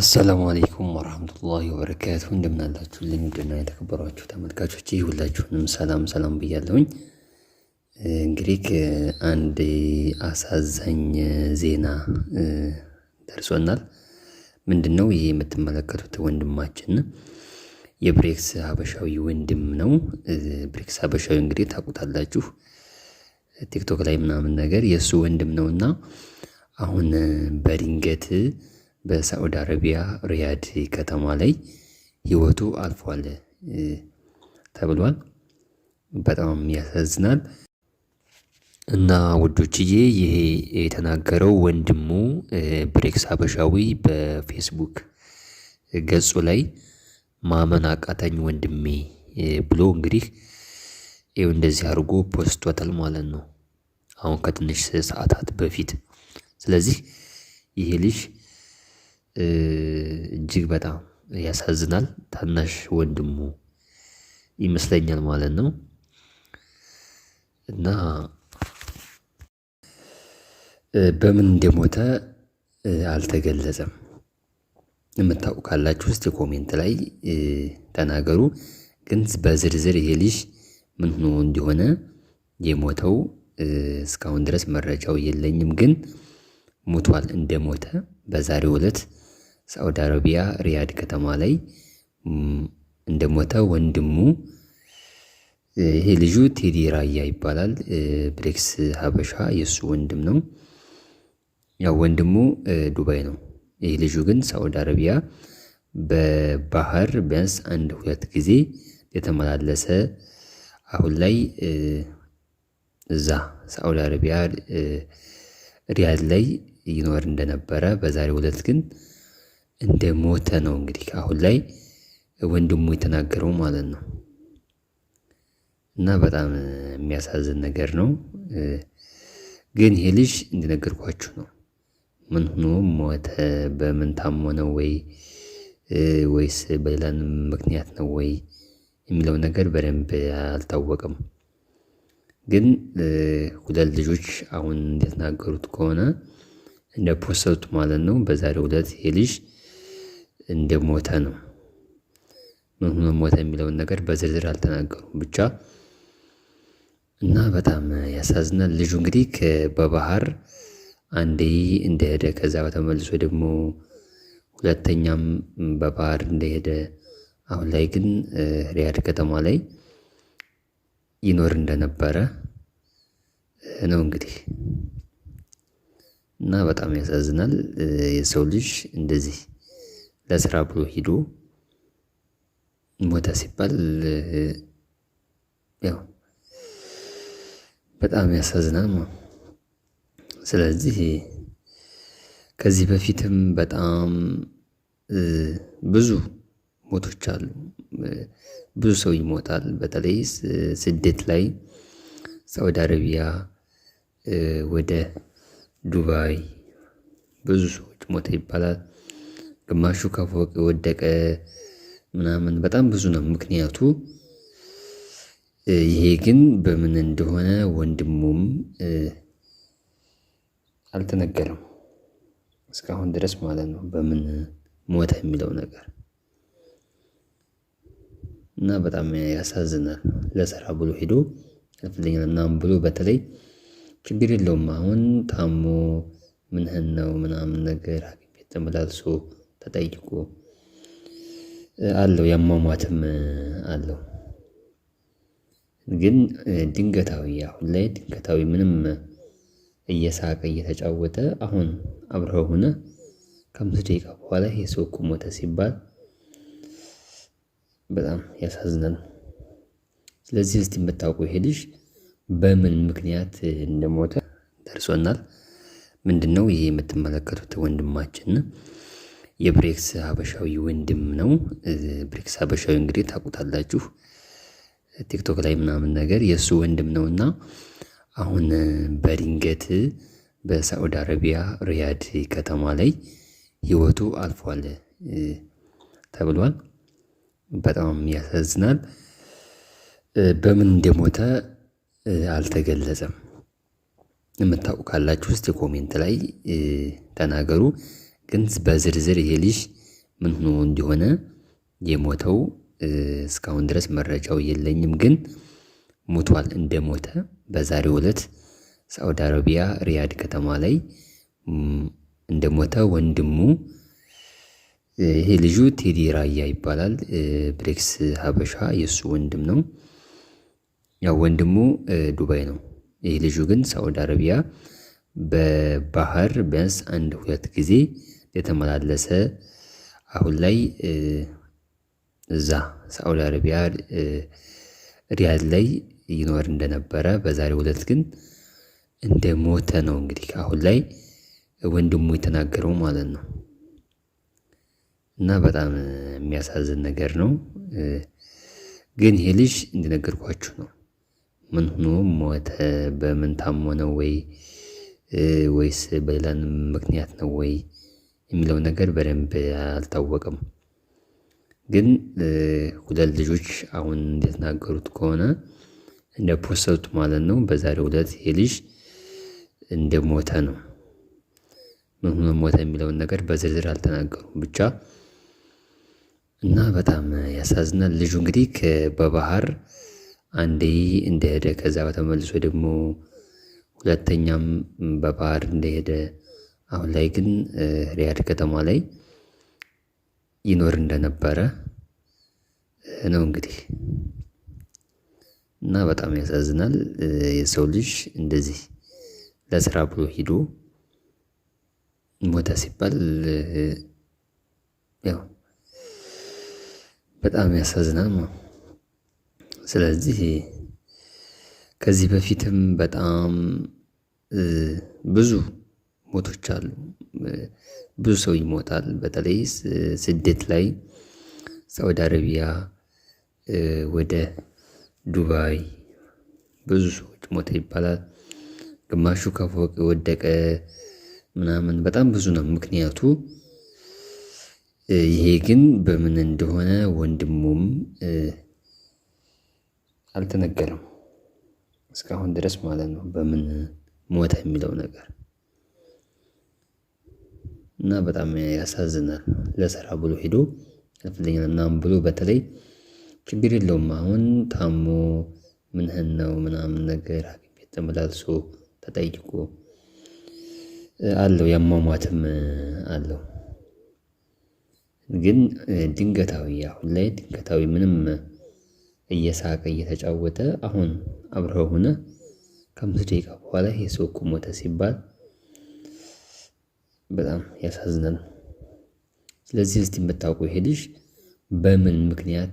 አሰላሙ አሌይኩም ወረህመቱላሂ ወበረካቱ እንደምናላችሁልኝ ልምድና የተከበሯችሁ ተመልካቾች ሁላችሁንም ሰላም ሰላም ብያለሁኝ። እንግዲህ አንድ አሳዛኝ ዜና ደርሶናል። ምንድን ነው ይህ የምትመለከቱት ወንድማችን የብሬክስ ሀበሻዊ ወንድም ነው። ብሬክስ ሀበሻዊ እንግዲህ ታውቁታላችሁ፣ ቲክቶክ ላይ ምናምን ነገር የእሱ ወንድም እና አሁን በድንገት በሳዑዲ አረቢያ ሪያድ ከተማ ላይ ህይወቱ አልፏል ተብሏል። በጣም ያሳዝናል። እና ውዶችዬ ይሄ የተናገረው ወንድሙ ብሬክስ ሀበሻዊ በፌስቡክ ገጹ ላይ ማመን አቃተኝ ወንድሜ ብሎ እንግዲህ ይኸው እንደዚህ አድርጎ ፖስቶታል ማለት ነው አሁን ከትንሽ ሰዓታት በፊት። ስለዚህ ይሄ ልጅ እጅግ በጣም ያሳዝናል። ታናሽ ወንድሙ ይመስለኛል ማለት ነው። እና በምን እንደሞተ አልተገለጸም። የምታውቁ ካላችሁ ውስጥ የኮሜንት ላይ ተናገሩ። ግን በዝርዝር ይሄ ልጅ ምን ሆኖ እንደሆነ የሞተው እስካሁን ድረስ መረጃው የለኝም። ግን ሞቷል። እንደሞተ በዛሬው ዕለት ሳዑዲ አረቢያ ሪያድ ከተማ ላይ እንደሞተ ወንድሙ ይሄ ልጁ ቴዲ ራያ ይባላል። ብሬክስ ሀበሻ የእሱ ወንድም ነው። ያው ወንድሙ ዱባይ ነው። ይህ ልጁ ግን ሳዑዲ አረቢያ በባህር ቢያንስ አንድ ሁለት ጊዜ የተመላለሰ አሁን ላይ እዛ ሳዑዲ አረቢያ ሪያድ ላይ ይኖር እንደነበረ በዛሬው ዕለት ግን እንደ ሞተ ነው እንግዲህ አሁን ላይ ወንድሙ የተናገረው ማለት ነው። እና በጣም የሚያሳዝን ነገር ነው። ግን ይሄ ልጅ እንደነገርኳችሁ ነው። ምን ሆኖ ሞተ? በምን ታሞ ነው ወይ ወይስ በሌላ ምክንያት ነው ወይ የሚለው ነገር በደንብ አልታወቅም። ግን ሁለት ልጆች አሁን እንደተናገሩት ከሆነ እንደ ፖሰቱ ማለት ነው በዛሬው ዕለት ይሄ ልጅ እንደ ሞተ ነው። ምን ሆኖ ሞተ የሚለውን ነገር በዝርዝር አልተናገሩም ብቻ እና በጣም ያሳዝናል። ልጁ እንግዲህ በባህር አንዴ እንደሄደ ከዛ በተመልሶ ደግሞ ሁለተኛም በባህር እንደሄደ አሁን ላይ ግን ሪያድ ከተማ ላይ ይኖር እንደነበረ ነው እንግዲህ እና በጣም ያሳዝናል። የሰው ልጅ እንደዚህ ለስራ ብሎ ሂዶ ሞተ ሲባል ያው በጣም ያሳዝናል ነው። ስለዚህ ከዚህ በፊትም በጣም ብዙ ሞቶች አሉ። ብዙ ሰው ይሞታል። በተለይ ስደት ላይ ሳውዲ አረቢያ ወደ ዱባይ ብዙ ሰዎች ሞተ ይባላል። ግማሹ ከፎቅ ወደቀ ምናምን በጣም ብዙ ነው ምክንያቱ። ይሄ ግን በምን እንደሆነ ወንድሙም አልተነገረም እስካሁን ድረስ ማለት ነው በምን ሞተ የሚለው ነገር እና በጣም ያሳዝናል። ለስራ ብሎ ሄዶ ያልፍልኛል ምናምን ብሎ በተለይ ችግር የለውም አሁን ታሞ ምንህን ነው ምናምን ነገር ሐኪም ቤት ተመላልሶ ተጠይቆ አለው ያሟሟትም አለው። ግን ድንገታዊ አሁን ላይ ድንገታዊ ምንም እየሳቀ እየተጫወተ አሁን አብረው ሆነ ከአምስት ደቂቃ በኋላ የሰው እኮ ሞተ ሲባል በጣም ያሳዝናል። ስለዚህ እስቲ የምታውቁ ይሄ ልጅ በምን ምክንያት እንደሞተ ደርሶናል። ምንድን ነው ይህ የምትመለከቱት ወንድማችን የብሬክስ ሀበሻዊ ወንድም ነው። ብሬክስ ሀበሻዊ እንግዲህ ታውቁታላችሁ ቲክቶክ ላይ ምናምን ነገር የእሱ ወንድም ነው እና አሁን በድንገት በሳዑዲ አረቢያ ሪያድ ከተማ ላይ ህይወቱ አልፏል ተብሏል። በጣም ያሳዝናል። በምን እንደሞተ አልተገለጸም። የምታውቁ ካላችሁ እስቲ ኮሜንት ላይ ተናገሩ። ግን በዝርዝር ይሄ ልጅ ምን ሆኖ እንደሆነ የሞተው እስካሁን ድረስ መረጃው የለኝም። ግን ሞቷል። እንደሞተ በዛሬው ዕለት ሳዑዲ አረቢያ ሪያድ ከተማ ላይ እንደሞተ ወንድሙ ይሄ ልጁ ቴዲ ራያ ይባላል። ብሬክስ ሀበሻ የእሱ ወንድም ነው። ያው ወንድሙ ዱባይ ነው። ይህ ልጁ ግን ሳዑዲ አረቢያ በባህር ቢያንስ አንድ ሁለት ጊዜ የተመላለሰ አሁን ላይ እዛ ሳዑዲ አረቢያ ሪያድ ላይ ይኖር እንደነበረ በዛሬ ዕለት ግን እንደ ሞተ ነው እንግዲህ አሁን ላይ ወንድሙ የተናገረው ማለት ነው። እና በጣም የሚያሳዝን ነገር ነው። ግን ይሄ ልጅ እንደነገርኳችሁ ነው። ምን ሆኖ ሞተ? በምን ታሞ ነው ወይ ወይስ በሌላ ምክንያት ነው ወይ የሚለው ነገር በደንብ አልታወቀም። ግን ሁለት ልጆች አሁን እንደተናገሩት ከሆነ እንደፖሰቱት ማለት ነው። በዛሬው ዕለት ይሄ ልጅ ሞተ ነው። ምን ሆኖ ሞተ የሚለውን ነገር በዝርዝር አልተናገሩም ብቻ እና በጣም ያሳዝናል። ልጁ እንግዲህ በባህር አንዴ እንደሄደ ከዛ በተመልሶ ደግሞ ሁለተኛም በባህር እንደሄደ አሁን ላይ ግን ሪያድ ከተማ ላይ ይኖር እንደነበረ ነው እንግዲህ እና በጣም ያሳዝናል። የሰው ልጅ እንደዚህ ለስራ ብሎ ሂዶ ሞተ ሲባል ያው በጣም ያሳዝናል ነው። ስለዚህ ከዚህ በፊትም በጣም ብዙ ሞቶች አሉ። ብዙ ሰው ይሞታል። በተለይ ስደት ላይ ሳውዲ አረቢያ ወደ ዱባይ ብዙ ሰዎች ሞተ ይባላል። ግማሹ ከፎቅ ወደቀ ምናምን በጣም ብዙ ነው ምክንያቱ። ይሄ ግን በምን እንደሆነ ወንድሙም አልተነገረም እስካሁን ድረስ ማለት ነው፣ በምን ሞተ የሚለው ነገር እና በጣም ያሳዝናል። ለስራ ብሎ ሄዶ ያልፈልኛል ምናምን ብሎ በተለይ ችግር የለውም አሁን ታሞ ምንህን ነው ምናምን ነገር ሐኪም ቤት ተመላልሶ ተጠይቆ አለው ያሟሟትም አለው። ግን ድንገታዊ አሁን ላይ ድንገታዊ ምንም እየሳቀ እየተጫወተ አሁን አብረ ሆነ ከአምስት ደቂቃ በኋላ የሰው እኮ ሞተ ሲባል በጣም ያሳዝናል። ስለዚህ እስቲ የምታውቁ ይሄ ልጅ በምን ምክንያት